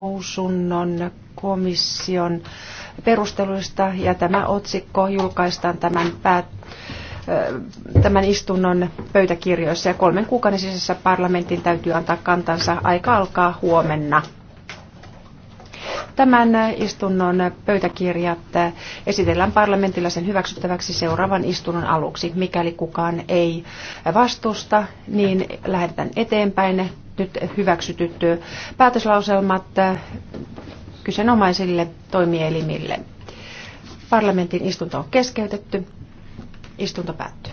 lausunnon komission perusteluista ja tämä otsikko julkaistaan tämän, päät, tämän istunnon pöytäkirjoissa ja kolmen kuukauden sisässä parlamentin täytyy antaa kantansa. Aika alkaa huomenna. Tämän istunnon pöytäkirjat esitellään parlamentilla sen hyväksyttäväksi seuraavan istunnon aluksi. Mikäli kukaan ei vastusta, niin lähetetään eteenpäin nyt hyväksytyt päätöslauselmat kyseenomaisille toimielimille. Parlamentin istunto on keskeytetty. Istunto päättyy.